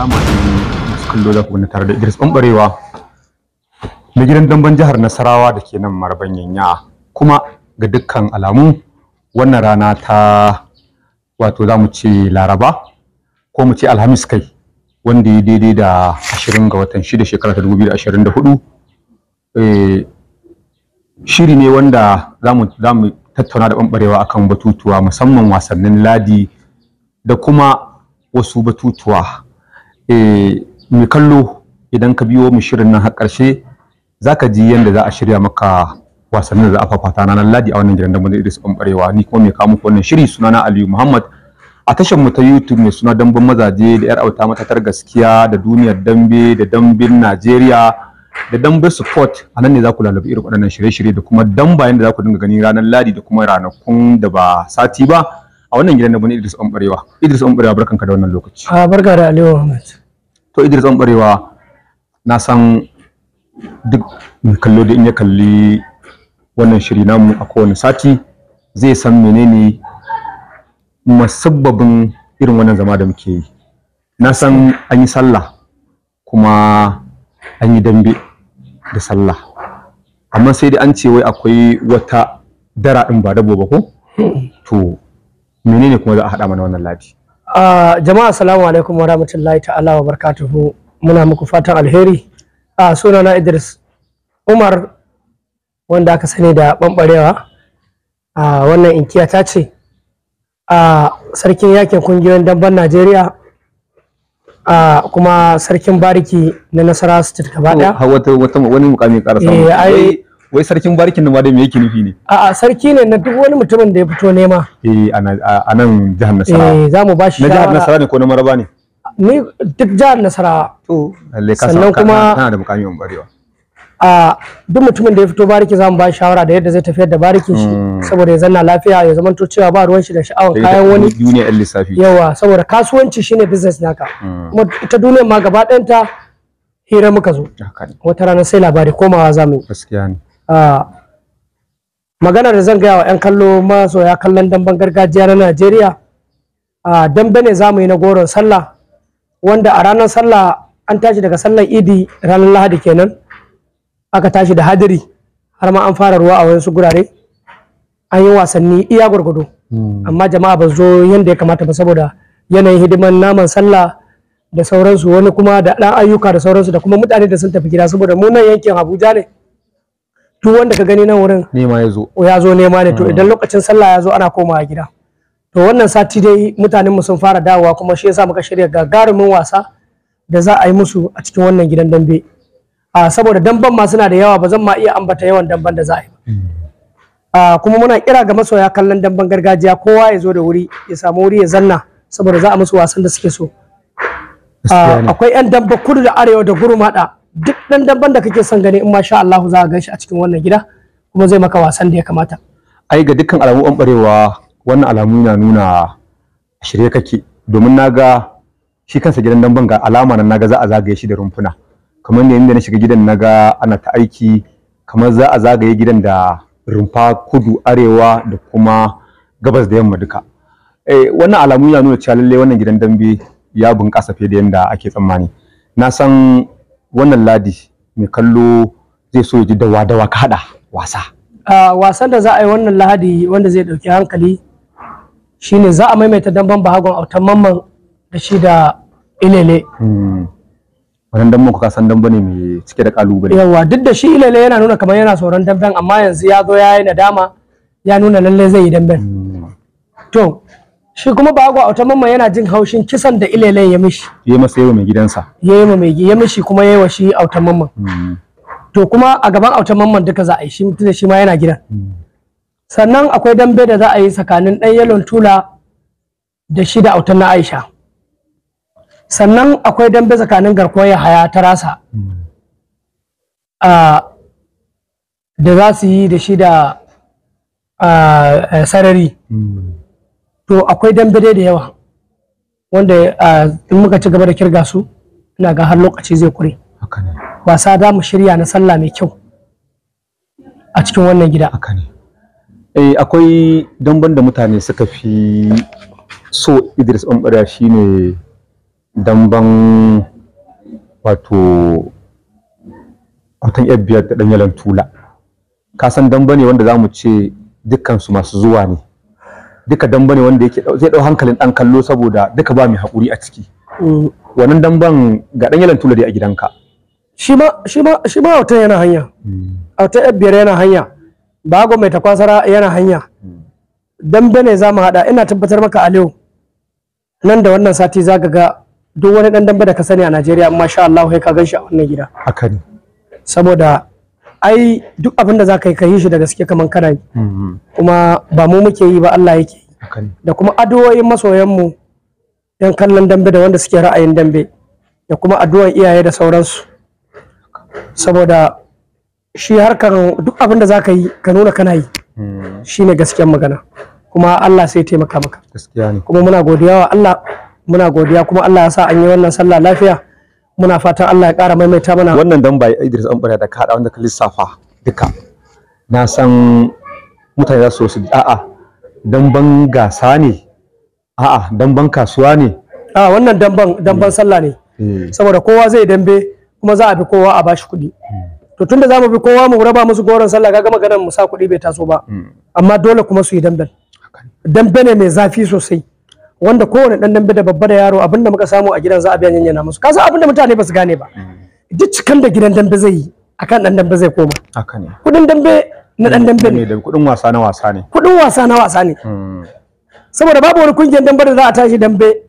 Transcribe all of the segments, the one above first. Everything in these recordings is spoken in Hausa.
salama ne masu kallo da kuma tare da Idris Bambarewa na gidan damben jihar Nasarawa da ke nan Marban Yanya kuma ga dukkan alamu wannan rana ta wato za mu ce Laraba ko mu ce Alhamis kai wanda ya daidai da 20 ga watan 6 shekara ta 2024 eh shiri ne wanda za mu tattauna da bambarewa akan batutuwa musamman wasannin ladi da kuma wasu batutuwa Eh, mai kallo idan ka biyo mu shirin nan har ƙarshe za ka ji yadda za a shirya maka wasannin da za a fafata na ladi a wannan gidan dambe Idris Bambarewa ni kuma mai kawo muku wannan shiri sunana Aliyu Muhammad a tashar mu ta YouTube mai suna dambun mazaje da yar auta matatar gaskiya da duniyar dambe da dambin Najeriya da dambe support a nan ne za ku lalabi irin waɗannan shirye-shirye da kuma damba da za ku dinga gani ranar ladi da kuma ranakun da ba sati ba a wannan gidan dambe Idris Bambarewa Idris Bambarewa barkanka da wannan lokaci a ah, barka da Aliyu Muhammad to Idris barewa na san duk kallo da in ya kalli wannan shiri namu a kowane sati zai san menene masabbabin irin wannan zama da muke yi na san an yi sallah kuma an yi dambe da sallah amma sai dai an ce wai akwai wata dara ɗin ba dabo ba ko hmm. to menene kuma za a haɗa mana wannan ladi Uh, jama'a salamu alaikum wa rahmatullahi ta'ala wa barakatuhu muna muku fatan alheri a uh, sunana Idris Umar wanda aka sani da bambarewa a uh, wannan inkiya ta ce a sarkin yakin kungiyoyin damban Najeriya a kuma sarkin bariki na nasara State gaba daya wani mukami karasa wai sarkin barikin nan ma dai me yake nufi ne a'a sarki ne na duk wani mutumin da ya fito nema eh a nan jihar Nasarawa eh zamu ba shi na jihar Nasarawa ne ko na Maraba ne ni duk jihar Nasarawa to lalle ka sannan kuma kana da mun barewa a duk mutumin da ya fito bariki za mu ba shawara da yadda zai tafiyar da barikin shi hmm. saboda ya zanna lafiya ya zama to cewa ba ruwan shi da sha'awar kayan wani duniya lissafi yawa saboda kasuwanci shine business naka hmm. kuma ita duniyar ma gaba ɗayanta hira muka zo wata rana sai labari komawa zamu yi gaskiya ne magana da zan gaya wa 'yan kallo masoya kallon damben gargajiya na najeriya dambe ne zamu yi na goron sallah wanda a ranar sallah an tashi daga sallar idi ranar lahadi kenan aka tashi da hadiri har ma an fara ruwa a wayansu gurare an yi wasanni iya gwargwado hmm. amma jama'a ba zo yadda ya kamata ba saboda yanayin hidiman naman sallah da sauransu wani kuma da ɗan ayyuka da sauransu da kuma mutane da sun tafi gida saboda munan yankin abuja ne duk wanda ka gani nan wurin nema ya zo ya zo nema ne to hmm. idan lokacin sallah ya zo ana a gida to wannan sati dai mutanen mu sun fara dawowa kuma shi yasa muka shirya gagarumin wasa da za a yi musu a cikin wannan gidan dambe a saboda damban ma suna da yawa ba zan ma iya ambata yawan damban da za a yi hmm. a kuma muna kira ga masoya kallon damban gargajiya kowa ya zo da wuri ya samu wuri ya zanna saboda za a musu wasan da suke so akwai yan damba kudu da arewa da gurmada duk dan dabban da kake son gani in masha Allah za ka gan shi a cikin wannan gida kuma zai maka wasan da ya kamata ai ga dukkan alamu an barewa wannan alamu na nuna shirye kake domin naga shi kansa gidan damban ga alama nan naga za a zagaye shi da rumfuna kamar ne inda na shiga gidan naga ana ta aiki kamar za a zagaye gidan da rumfa kudu arewa da kuma gabas da yamma duka eh wannan alamu yana nuna cewa lalle wannan gidan dambe ya bunƙasa fiye da yadda ake tsammani na san wannan ladi mai kallo zai so ya ji dawa dawa ka hada wasa A wasan da za a yi wannan lahadi wanda zai dauki hankali shine za a maimaita damban bahagon autan mamman da shi da ilele hmm. wannan damban kuka san dambe ne mai cike da kalubale yawa duk da shi ilele yana nuna kamar yana tsoron damben amma yanzu ya zo ya yi nadama ya nuna lalle zai yi damben hmm. to shi kuma bago auta mamma yana jin haushin kisan da ilele ya mishi ya masa yawa mai gidansa ya yi mai ya mishi kuma ya yi wa shi auta mamma mm. to kuma a gaban auta mamman duka za a yi shi da shi ma yana gidan mm. sannan akwai dambe da za a yi tsakanin ɗan yalon tula da shi da autan na aisha sannan akwai dambe tsakanin garkuwar yahaya ta rasa mm. da za su yi da shi da sarari to akwai dambare da yawa wanda in muka ci gaba da kirga su ina ga har lokaci zai kure wasa za mu shirya na sallah mai kyau a cikin wannan gida eh akwai damban da mutane suka fi so Idris Bambara shine damban wato kwatan yar biyar da danyalan tula kasan san ne wanda za mu ce dukkan masu zuwa ne duka dan ne wanda yake zai dau hankalin dan kallo saboda duka ba mai hakuri a ciki mm. wannan ban ga dan yalan tula dai a gidanka shi ma shi ma shi ma wata yana hanya mm. a ta biyar yana hanya bago mai takwasara yana hanya mm. dambe ne za mu haɗa ina tabbatar maka aliyu nan da wannan sati za ga duk wani dan dambe da ka sani a najeriya masha Allah kai ka gan shi a wannan gida haka ne saboda ai duk abin da za ka yi ka yi shi da gaske kamar kana yi kuma ba mu muke yi ba Allah yake yi da kuma addu'o'in masoyanmu yan kallon dambe da wanda suke ra'ayin dambe da kuma addu'an iyaye da sauransu saboda shi harkar duk abin da za ka yi ka nuna kana yi shi ne gaskiyar magana kuma Allah sai taimaka maka kuma muna godiya wa Allah muna godiya kuma Allah ya sa an yi wannan sallah lafiya muna fatan Allah ya ƙara maimaita mana wannan dan bai Idris Ambara da kada wanda ka lissafa duka na san mutane za su su a'a dan ban gasa ne a'a dan ban kasuwa ne a wannan damban ban hmm. sallah ne hmm. saboda kowa zai dambe kuma za a bi kowa a bashi kuɗi hmm. to tunda za mu bi kowa mu raba musu goron sallah kaga maganar mu sa kuɗi bai taso ba amma dole kuma su yi dambe dambe ne mai zafi sosai wanda kowane dan dambe da babba da yaro abinda muka samu a gidan za a biya yanyana musu kasan abinda mutane ba su gane ba mm. duk cikan da gidan dambe zai yi akan dan dambe zai koma kudin dambe na dan dambe ne kudin wasa na wasa ne kudin wasa na wasa ne mm. saboda babu wani kungiyar dambe da za a tashi dambe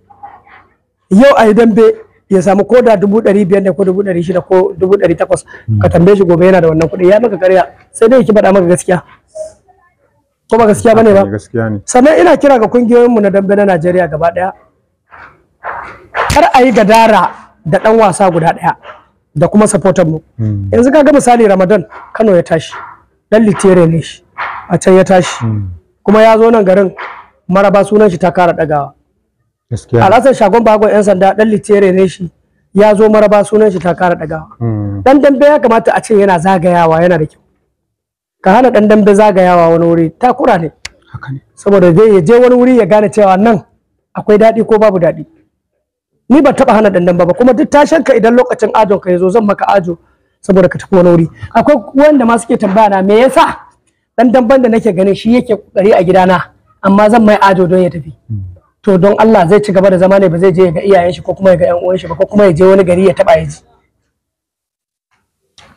yau a yi dambe ya samu ko da dubu ɗari biyar ne ko dubu ɗari shida ko dubu ɗari takwas ka mm. tambaye shi gobe yana da wannan kuɗi ya maka karya sai dai ki faɗa maka gaskiya ko ba gaskiya bane ba eh, gaskiya ne sannan ina kira ga kungiyoyinmu na dambe na Najeriya gaba daya kar a yi gadara da dan wasa guda daya da kuma supporter mu hmm. yanzu ga misali Ramadan Kano ya tashi dan litere ne shi a can ya tashi hmm. kuma ya zo nan garin maraba sunan shi ta kara dagawa gaskiya alhassan shagon bagon yan sanda dan litere ne shi ya zo maraba sunan shi ta kara dagawa dan hmm. dambe ya kamata a ce yana zagayawa yana da kyau ka hana dan dambe zagayawa wani wuri takura ne saboda zai ya je wani wuri ya gane cewa nan akwai daɗi ko babu daɗi ni ban taba hana dan dambe ba kuma duk tashin ka idan lokacin ajon ka yazo zan maka ajo saboda ka tafi wani wuri akwai wanda ma suke tambaya na me yasa dan damben da nake ganin shi yake kokari a gidana amma zan mai ajo don ya tafi hmm. to don Allah zai ci gaba da zama ne ba zai je ga iyayen shi ko kuma ga yan uwan shi ba ko kuma ya je wani gari ya taba ya ji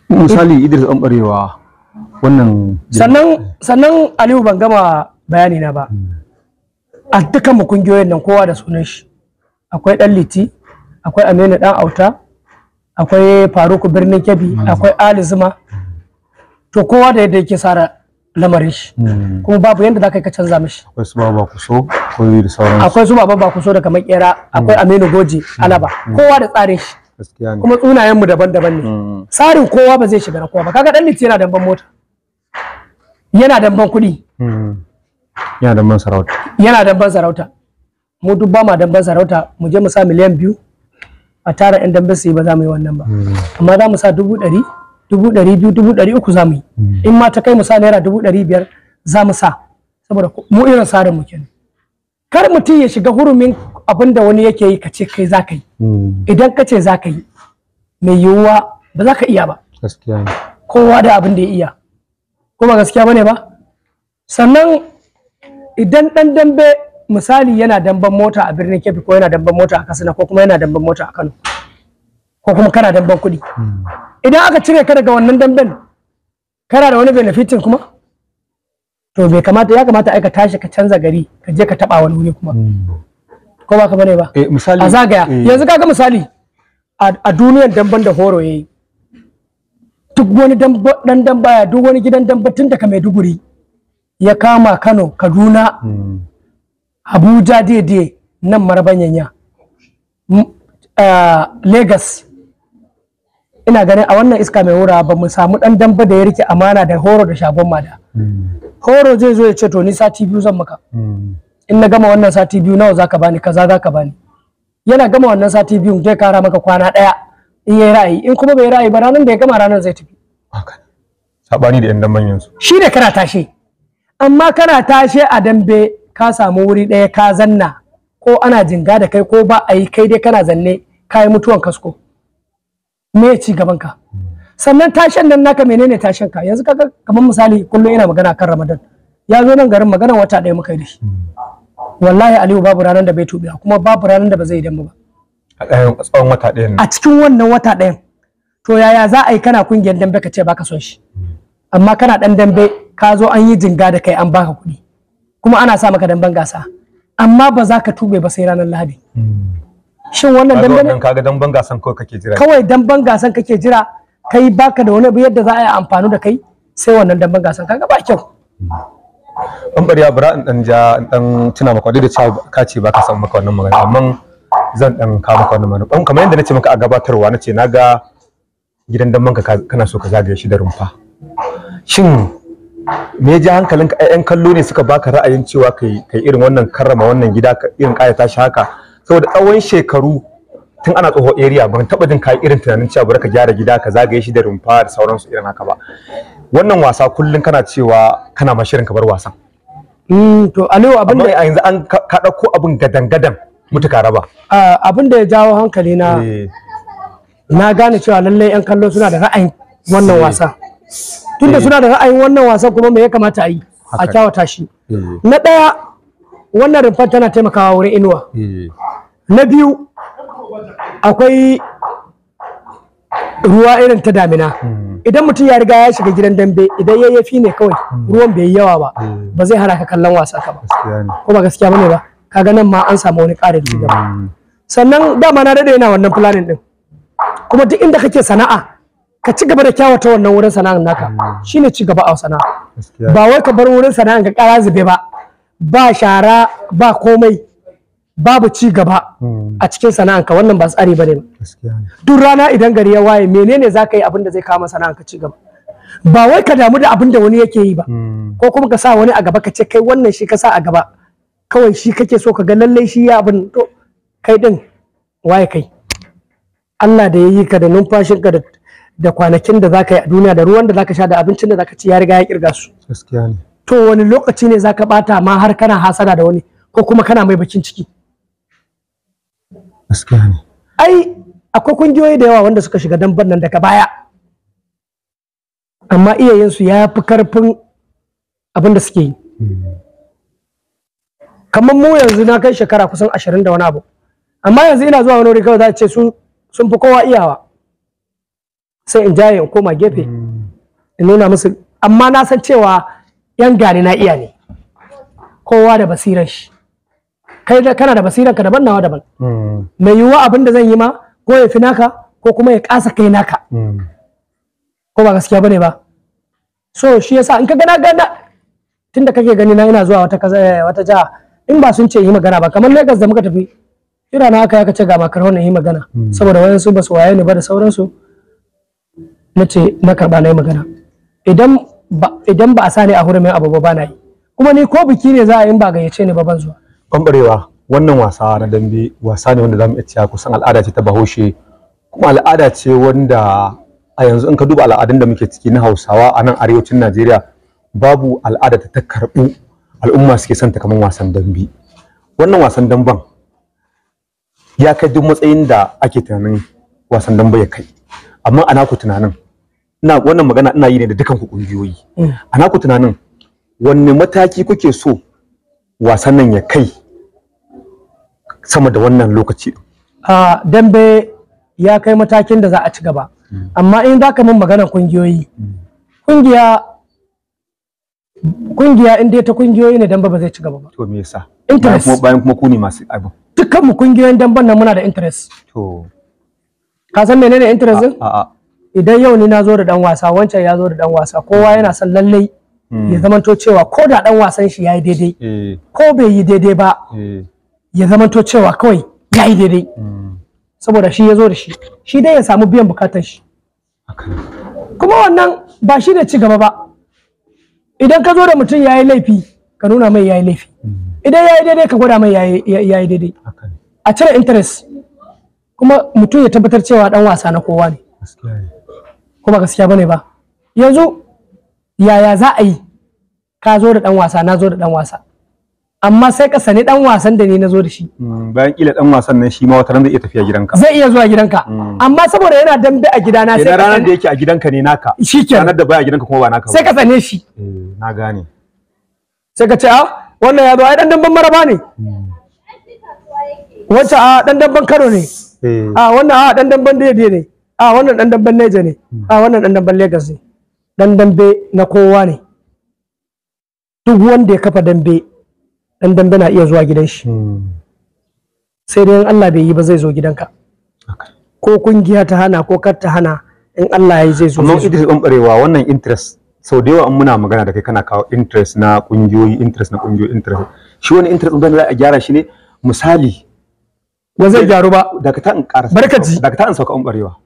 misali Idris Ambarewa wannan sannan sannan aliyu ban gama bayani na ba hmm. a dukkan mu kungiyoyin nan kowa da sunan shi akwai dan liti akwai aminu dan auta akwai faruku birnin kebbi akwai ali zuma to kowa da yadda yake sara lamarin shi hmm. kuma babu yadda za ka ka canza mishi akwai su baba kuso akwai da akwai su baba kuso daga makera akwai hmm. aminu goje alaba kowa da tsarin shi kuma tsunayen mu daban-daban ne mm, mm. tsarin kowa ba zai shiga na kowa ba kaga dan litti yana damban mota yana damban kuɗi mm, yana damban sarauta yana damban sarauta mu duk ba ma damban sarauta mu je mu sa miliyan biyu a tara yan dambe su yi ba za mu yi wannan ba amma za mu sa dubu ɗari dubu ɗari biyu dubu ɗari uku za mu yi in ma ta kai mu sa naira dubu ɗari biyar za mu sa saboda mu irin tsarin mu kenan kar mutum ya shiga hurumin abin da wani yake yi ka ce kai za ka yi hmm. idan ka ce za ka yi mai yiwuwa ba za ka iya ba kowa da abin da ya iya kuma gaskiya bane ba sannan idan dan dambe misali yana damban mota a birnin kebbi ko yana damban mota a kasina ko kuma yana damban mota a kano ko kuma kana damban kuɗi hmm. idan aka cire ka daga wannan damben kana da wani benefitin kuma to bai kamata ya kamata ai ka tashi ka canza gari ka je ka taba wani wuri kuma hmm. ko ba ka bane ba eh, misali a zagaya eh. yanzu kaga misali a duniyar damban da horo yayi duk wani dan damba ya duk wani gidan damba tun daga Maiduguri ya kama Kano Kaduna hmm. Abuja daidai nan marabanyanya Lagos ina ganin a wannan iska mai wura ba mu samu dan damba da ya rike amana da horo da shagon mada hmm. horo zai zo ya ce to ni sati biyu zan maka hmm. in na gama wannan sati biyu nawa zaka bani kaza zaka bani yana gama wannan sati biyun zai kara maka kwana daya in yayi ra'ayi in kuma bai ra'ayi ba ranar da ya gama ranar zai tafi sabani da yan damben yanzu shi ne kana tashe amma kana tashe a dambe ka samu wuri daya ka zanna ko ana jinga da kai ko ba a yi kai dai kana zanne ka yi mutuwan kasko me ci gaban ka sannan tashen nan naka menene tashen ka yanzu kaga kamar misali kullum ina magana kan Ramadan ya zo nan garin magana wata ɗaya muka yi da shi hmm. wallahi aliyu babu ranar da bai tuɓe kuma babu ranar da ba zai damu ba a tsawon wata ɗayan a cikin wannan wata ɗayan to yaya za a yi kana kungiyar dambe ka ce baka son shi amma kana ɗan dambe ka zo an yi jinga da kai an baka kuɗi kuma ana sa maka damben gasa amma ba za ka tuɓe ba sai ranar lahadi hmm. shin wannan dambe ne kaga damben gasan kawai kake jira kawai damben gasan kake jira kai baka da wani abu yadda za a yi amfani da kai sai wannan damben gasan kaga ba kyau hmm. an bari bara in dan ja in dan tuna maka da cewa ka ce ba ka san maka wannan magana amma zan dan ka maka wannan magana kamar yadda nace maka a gabatarwa nace naga gidan dan manka kana so ka zagaye shi da rumfa shin me ya ji hankalinka ƴaƴan kallo ne suka baka ra'ayin cewa kai kai irin wannan karrama wannan gida irin ƙayata shi haka saboda tsawon shekaru tun ana tsoho area ban taba jin kai irin tunanin cewa bari ka gyara gida ka zagaye shi da rumfa da sauransu irin haka ba wannan wasa kullun kana cewa kana mashirin ka bar wasan mm to aliyu abin da yanzu an ka dauko abin gadan gadan mutuka raba abin da ya jawo hankali na eh. na gane cewa lallai yan kallo suna da ra'ayin wannan eh. wasa tunda suna da ra'ayin wannan wasan kuma me ya kamata a yi a kyawata shi eh. na daya wannan rumfar tana taimakawa wurin inuwa na biyu akwai ruwa irin ta damina hmm. idan mutum ya riga ya shiga gidan dambe idan ya yafi ne kawai hmm. ruwan bai yi yawa ba hmm. ba zai hana ka kallon wasa ka ba ko ba gaskiya bane ba kaga nan ma an samu wani ƙarin ci gaba sannan dama na dade yana wannan planning din kuma duk inda kake sana'a ka ci gaba da kyawata wannan wurin sana'ar naka shine ci gaba a sana'a ba wai ka bar wurin sana'ar ka ƙara zube ba ba shara ba komai babu ci gaba hmm. a cikin sana'anka wannan ba tsari bane ba duk rana idan gari ya waye menene zaka yi abin da zai kama sana'anka ci gaba ba wai ka damu da abin da wani yake yi ba hmm. ko kuma ka sa wani a gaba ka ce kai wannan shi ka sa a gaba kawai shi kake so ka ga lallai shi ya abin to kai din waye kai Allah da ya ka da numfashin da da kwanakin da zaka yi a duniya da ruwan da zaka sha da abincin da zaka ci ya riga ya kirga su to wani lokaci ne zaka bata ma har kana hasada da wani ko kuma kana mai bakin ciki gaskiya ne ai akwai kungiyoyi da yawa wanda suka shiga damban nan daga baya amma iyayensu ya fi karfin abin da suke yi kamar mu yanzu na kai shekara kusan ashirin da wani abu amma yanzu ina zuwa wani wuri kawai za a ce sun fi kowa iyawa sai in jaye in koma gefe in nuna musu amma na san cewa yan gane na iya ne kowa da basirar shi kai kana da basiranka daban nawa daban hmm. mai yiwuwa abin da zan yi ma ko ya fi naka ko kuma ya kasa kai naka hmm. ko ba gaskiya bane ba so shi yasa in ka gana gana tunda kake gani na ina zuwa wata kaza eh, wata jiha in ba sun ce yi magana ba kamar Lagos da muka tafi kira na haka ya kace ga makar wannan yi magana hmm. saboda su ba su waye ni ba da sauransu na ce na karba na yi magana idan ba a sani a hurumin abu ba na yi kuma ni ko biki ne za a yi in ba gayyace ni ba ban zuwa bambarewa wannan wasa na dambe wasa ne wanda zamu iya kusan al'ada ce ta bahaushe kuma al'ada ce wanda a yanzu in ka duba al'adun da muke ciki na hausawa a nan arewacin najeriya babu al'ada ta karɓu al'umma suke son ta kamar wasan dambe wannan wasan damben ya kai duk matsayin da ake tunanin wasan damban ya kai amma ana ku tunanin ina wannan magana ina yi ne da dukan ku kungiyoyi mm. ana ku tunanin wanne mataki kuke so wasan nan ya kai sama da wannan lokaci a dambe ya kai matakin da za a ci gaba hmm. amma in za ka min magana kungiyoyi hmm. kungiya kungiya in dai ta kungiyoyi ne damba ba zai ci gaba ba to me yasa interest kuma bayan kuma ku ne masu abu dukkan mu kungiyoyin damban nan muna da interest to ka san menene interest din a a idan yau ni na zo da dan wasa wancan ya zo da dan wasa kowa yana son lallai ya zamanto cewa ko da dan wasan shi yayi daidai ko bai yi daidai ba ya zamanto cewa kawai yayi daidai saboda shi ya zo da shi shi dai ya samu biyan bukatar shi kuma wannan ba shi ne ci gaba ba idan ka zo da mutum yayi laifi ka nuna mai yayi laifi idan yayi daidai ka gwada mai yayi daidai a cire interest kuma mutum ya tabbatar cewa dan wasa na kowa ne kuma gaskiya bane ba yanzu yaya za a yi ka zo da dan wasa na zo da dan wasa amma sai ka sani dan wasan da ni na zo da shi mm, bayan kila dan wasan nan shi ma wata ran zai iya tafiya gidanka zai iya zuwa gidanka mm. amma saboda yana dambe a gidana eh, sai ka ranar da yake a gidanka ne naka shikenan ranar da baya gidanka kuma ba naka sai ka sane shi eh, na gane sai ka ce a ah, wannan ya zo ai dan damben maraba ne wacce a dan damben Kano ne eh. a ah, wannan a ah, dan damben Dede ne a wannan dan damben Neja ne mm. a wannan dan damben Lagos ne dan dambe na kowa ne duk wanda ya kafa dambe dan dambe na iya zuwa gidan shi sai dai in Allah bai yi ba zai zo gidanka ko kungiya ta hana ko kar ta hana in Allah ya yi zai zo amma Idris bambarewa wannan interest sau da yawa an muna magana da kai kana kawo interest na kungiyoyi interest na kungiyoyi interest shi wani interest din za a gyara shi ne misali ba zai gyaru ba daga ta in ƙara barkaci daga ta in sauka bambarewa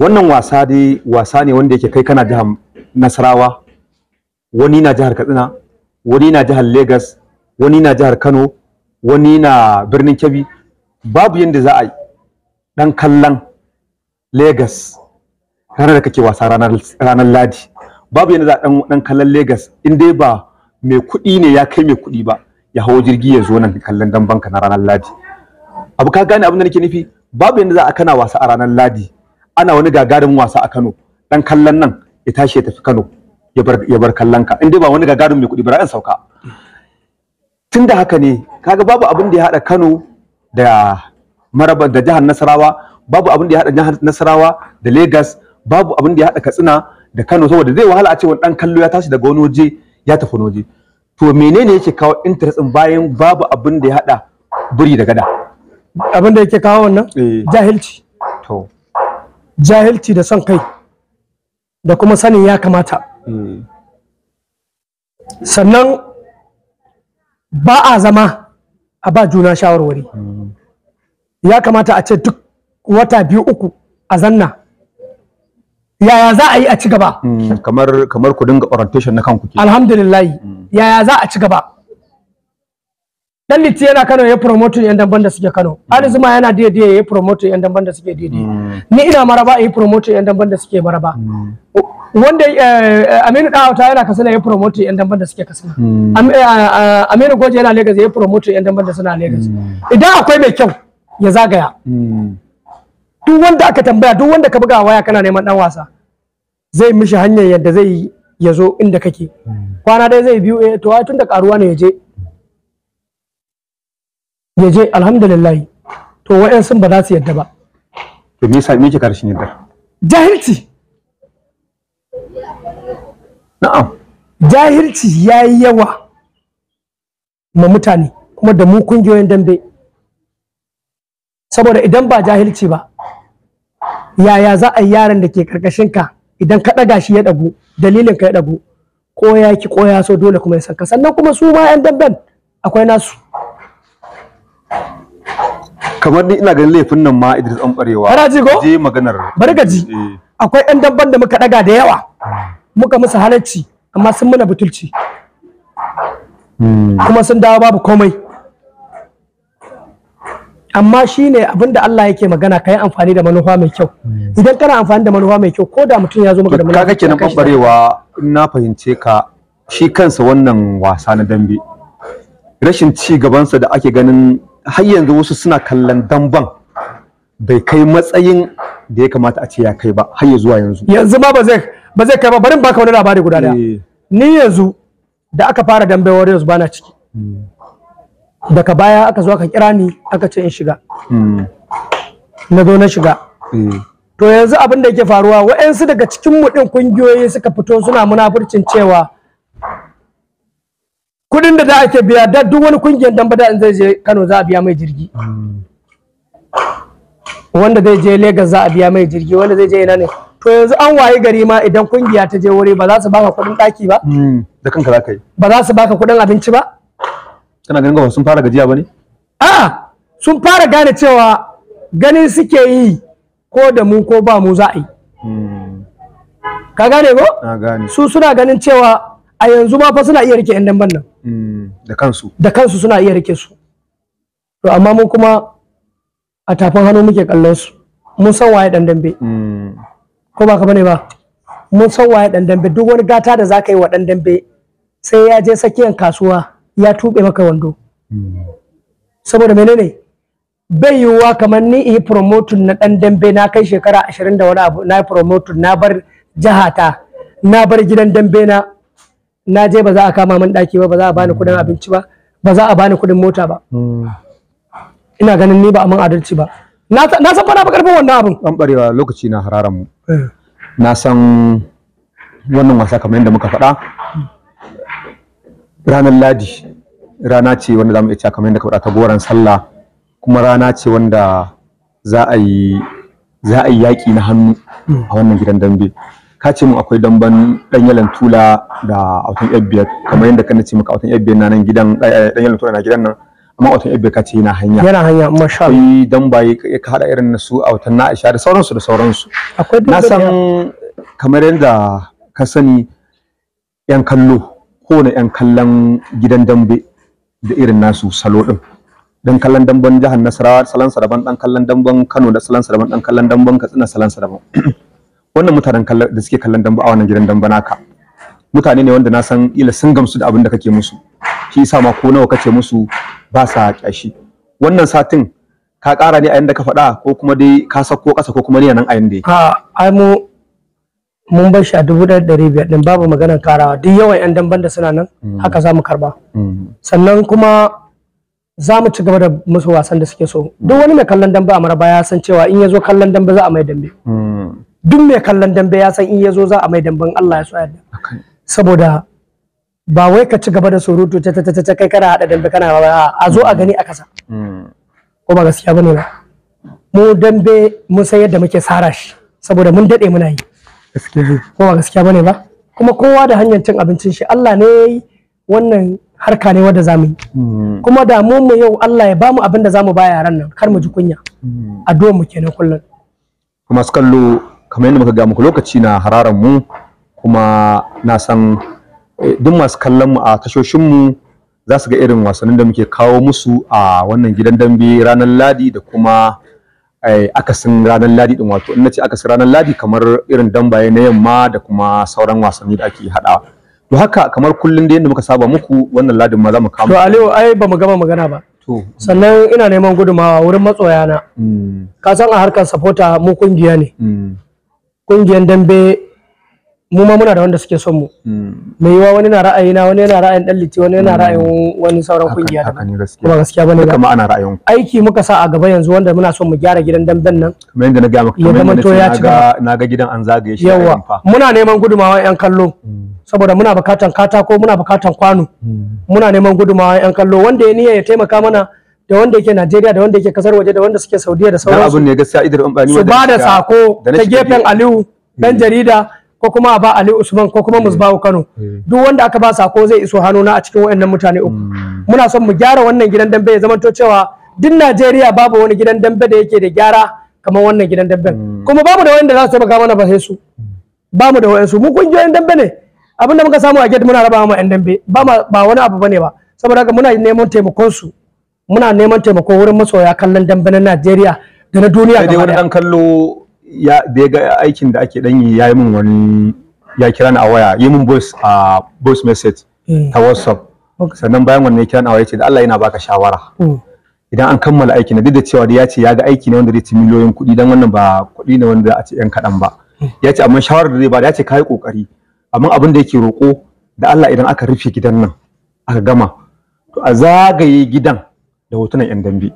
wannan wasa dai wasa ne wanda yake kai kana jihar Nasarawa wani na jihar Katsina wani na jihar Legas, wani na jihar Kano, wani na birnin Kebbi. Babu yadda za a yi ɗan kallon Legas ranar da kake wasa ranar Ladi. Babu yadda za a ɗan kallon Legas in dai ba mai kuɗi ne ya kai mai kuɗi ba ya hawo jirgi ya zo nan kallon dan banka na ranar Ladi. Abu ka gane abin da nake nufi babu yadda za a kana wasa a ranar Ladi. Ana wani gagarumin wasa a Kano ɗan kallon nan ya tashi ya tafi Kano. ya bar kallon ka inda ba wani gagarin mai kuɗi ba ran sauka tun da haka ne kaga babu abin da ya haɗa Kano da Maraba da jihar Nasarawa babu abin da ya haɗa jihar Nasarawa da Lagos babu abin da ya haɗa Katsina da Kano saboda zai wahala a ce wani ɗan kallo ya tashi daga wani waje ya tafi wani waje to menene yake kawo interest bayan babu abin da ya haɗa buri da gada abin da yake kawo wannan eh. jahilci to jahilci da son kai da kuma sanin ya kamata sannan ba a zama a ba juna shawarwari ya kamata a ce duk wata biyu uku a zanna yaya za a yi a ci gaba kamar ku dinga orientation na kanku ke alhamdulillah mm. yaya za a ci gaba dan litti yana Kano ya promote yan dan da suke Kano mm. Ali Zuma yana daidai ya promote yan dan da suke daidai mm. ni ina maraba yi promote yan dan da suke maraba wanda eh, eh, Aminu Dawata yana kasana ya promote yan damban da suke kasana hmm. eh, Aminu Goje yana Legas ya promote yan damban da suna Legas. Hmm. idan akwai mai kyau ya zagaya hmm. duk wanda aka tambaya duk wanda ka buga waya kana neman dan wasa zai mishi hanyar yadda zai yi ya zo inda kake kwana dai zai biyu to ai tun da karuwa ne ya je ya je alhamdulillah to wa'yan sun ba za su yadda ba to me yasa me yake karshen yadda jahilci na'am jahilci ya yi yawa ma mutane kuma da mu kungiyoyin dambe saboda idan ba jahilci ba yaya za a yi yaron da ke karkashin ka idan ka ɗaga shi ya ɗagu dalilin ka ya ɗagu ko ya ki ko ya so dole kuma ya sanka sannan kuma su ma 'yan damben akwai nasu kamar ni ina ganin laifin nan ma Idris an barewa kana ji je maganar bari ka ji eh. akwai 'yan damben da muka ɗaga da yawa hmm. muka musu halacci amma sun muna butulci kuma sun dawo babu komai amma shine abinda Allah yake magana yi amfani da manufa mai kyau idan kana amfani da manufa mai kyau ko da mutum ya zo maka da manufa kaga kenan babbarewa in na fahimce ka shi kansa wannan wasa na dambe rashin ci gabansa da ake ganin har yanzu wasu suna kallon damban bai kai matsayin da ya kamata a ce ya kai ba har zuwa yanzu yanzu ma ba zai ba zai kai ba barin baka wani labari guda daya eh. ni yanzu da aka fara dambe warriors bana ciki hmm. daga baya aka zo aka kira ni aka ce in shiga hmm. na zo na shiga eh. to yanzu abin da yake faruwa wa'ansu daga cikin mu din kungiyoyi suka fito suna munafurcin cewa kudin da za ake biya da duk wani kungiyar dambe da in zai je Kano za a biya mai jirgi hmm. wanda zai je Lagos za a biya mai jirgi wanda zai je ina ne to yanzu an waye gari ma idan kungiya ta je wuri ba za su baka kuɗin ɗaki ba hmm, da kanka za ka yi ba za su baka kuɗin abinci ba kana ganin gaban sun fara gajiya ba ne a'a sun fara gane cewa ganin suke yi ko da mu ko ba mu za a yi hmm. ka gane ko su suna ganin cewa a yanzu ma fa suna iya rike yan damban nan hmm, da kansu da kansu suna iya rike su to amma mu kuma a tafin hannu muke kallon su mun san waye ɗan dambe ko ba ka bane ba mun san waye dan dambe duk wani gata da zaka yi wa dan dambe sai ya je sakiyan kasuwa ya tube maka wando saboda menene bai yiwuwa kamar ni yi promotion na dan dambe na kai shekara 20 da wani abu na yi promotion na bar jahata na bar gidan dambe na na je ba za a kama min daki ba ba za a bani kudin abinci ba ba za a bani kudin mota ba ina ganin ni ba a adalci ba na san fara ba karfin wannan abin an barewa lokaci na hararan mu na san wannan wasa kamar yadda muka faɗa ranar ladi rana ce wanda za mu iya cewa kamar yadda ka faɗa ta goran sallah kuma rana ce wanda za a yi za a yi yaƙi na hannu a wannan gidan dambe ka ce mu akwai damban yalan tula da autan yabbiyar kamar yadda ka ce maka autan yabbiyar na nan gidan danyalan tula na gidan nan amma wata ibe ka ce yana hanya yana hanya masha Allah akwai ba baye ka hada irin na su a watan na Aisha da sauransu da sauransu akwai na san kamar yadda ka sani yan kallo ko na yan kallon gidan dambe da irin nasu salo din dan kallon damben jihar Nasarawa salansa saraban dan kallon damben Kano da salansa saraban dan kallon damben Katsina salansa saraban wannan mutanen da suke kallon dambe a wannan gidan dambe naka mutane ne wanda na san ila sun gamsu da abin da kake musu shi yasa ma ko nawa kace musu ba sa wannan satin ka ƙara ne a yanda ka faɗa ko kuma dai ka sako ƙasa ko kuma ne nan a yanda ha ai mu mun bar shi a dubu ɗaya ɗari biyar ɗin babu maganar karawa duk yawan 'yan damban da suna nan mm. haka za mu karɓa mm. sannan kuma za mu ci gaba da musu wasan da suke so duk wani mai kallon dambe a maraba ya san cewa in ya zo kallon dambe za a mai dambe mm. duk mai kallon dambe ya san in ya zo za a mai damben Allah ya so yadda saboda ba wai ka ci gaba da surutu ta ta ta kai kana hada dambe kana ba a zo a gani a kasa hmm. ko ba gaskiya bane ba mu dambe mun san yadda muke sara shi saboda mun dade muna yi ko ba gaskiya bane ba kuma kowa da hanyar cin abincin shi Allah ne wannan harka ne wanda zamu yi hmm. kuma da mu mu yau Allah ya bamu abin da zamu ba yaran nan kar mu ji kunya hmm. do mu kenan kullum kuma su kallo kamar yadda muka ga muku lokaci na hararan mu kuma na san Eh, duk masu kallon mu a tashoshin mu za su ga irin wasannin da muke kawo musu a wannan gidan dambe ranar ladi da kuma eh, akasin ranar ladi din wato in nace akasin ranar ladi kamar irin dambaye na yamma da kuma sauran wasanni da ake hadawa to haka kamar kullun da yadda muka saba muku wannan ladin ma za mu kama to Aliyu ai ba mu gama magana ba to sannan ina neman gudumawa wurin matsoyana mm. ka san a harkar supporter mu kungiya ne mm. kungiyan dambe mu ma muna da wanda suke son mu hmm. mai yiwa wani na ra'ayi na wani yana ra'ayin dan wani yana hmm. ra'ayin wani sauran kungiya da kuma gaskiya bane ba ana ra'ayin aiki muka sa a gaba yanzu wanda muna son mu gyara gidan damben nan kamar yanda na ga maka kamar yanda na ga gidan an zagaye shi yawa muna neman gudumawa yan kallo hmm. saboda muna bukatan katako muna bukatan kwano muna neman gudumawa yan kallo wanda ya niyya ya taimaka mana da wanda yake Najeriya da wanda yake kasar waje da wanda suke Saudiya da sauransu. Dan abun ne gaskiya idar Umbani wanda su ba da sako ta gefen Aliyu dan jarida ko kuma a ba Ali Usman ko kuma Musbahu Kano eh, eh. duk wanda aka ba sako zai iso hannuna a cikin wayannan mutane uku hmm. muna son mu gyara wannan gidan dambe ya zamanto cewa duk Najeriya babu wani gidan dambe da yake da gyara kamar wannan gidan damben hmm. kuma babu da wanda za su taimaka mana ba sai su hmm. mu da su mu kungiyoyin dambe ne abin da muka samu a gate muna raba ma yan dambe ba ba wani abu bane ba saboda haka muna neman taimakon su muna neman taimako wurin masoya kallon dambe na Najeriya da na duniya da wani dan kallo ya da ya ga aikin da ake dan ya yi min wani ya kira ni a waya yi min voice a voice message eh. ta whatsapp sannan bayan wannan ya kira ni a waya ce da Allah yana baka shawara mm. idan an kammala aikin na duk da cewa da ya ce ya ga aiki ne wanda zai ci miliyoyin kuɗi dan wannan ba kuɗi ne wanda a ce yan kaɗan ba mm. ya ce amma shawarar da zai ba yace ya ce kayi kokari amma abin da yake roƙo da Allah idan aka rufe gidan nan aka gama to a zagaye gidan da hotunan yan dambe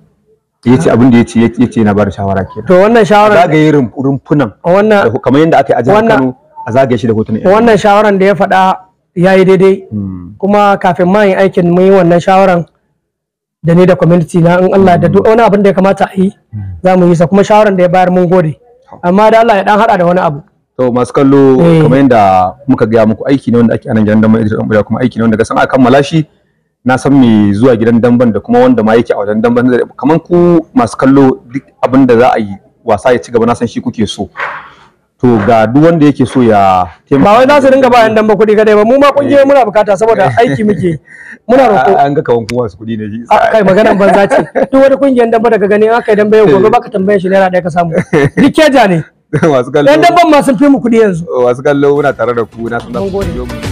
yace abin da yace yace na bada shawara kenan to wannan shawara zagaye rumfunan wannan kamar yadda aka yi a jihar Kano a zagaye shi da hotunan wannan shawaran da ya faɗa yayi daidai hmm. kuma kafin ma yin aikin mun yi wannan shawaran da ni da community na in Allah da duk hmm. wani abin da ya kamata a yi hmm. za mu yi sa kuma shawaran da ya bayar mun gode amma da Allah ya dan hada da wani abu to masu kallo eh. kamar yadda muka gaya muku aiki ne wanda ake anan gidan da kuma aiki ne wanda ga san aka kammala shi na san me zuwa gidan damban da kuma wanda ma yake a wajen damban kamar ku masu kallo duk abin da za a yi wasa ya ci gaba na san shi kuke so to ga duk wanda yake so ya ba wai za su dinga ba yan damba kuɗi kadai ba mu ma kungiyoyi muna bukata saboda eh. aiki muke muna roƙo an ga kawan kuwa su kuɗi ne ji kai magana banza ce duk wani kungiyar damba daga gani aka yi damba yau gobe baka tambaye shi naira ɗaya ka samu duk ne masu kallo yan damban ma sun fi mu kuɗi yanzu masu kallo muna tare da ku na san da ku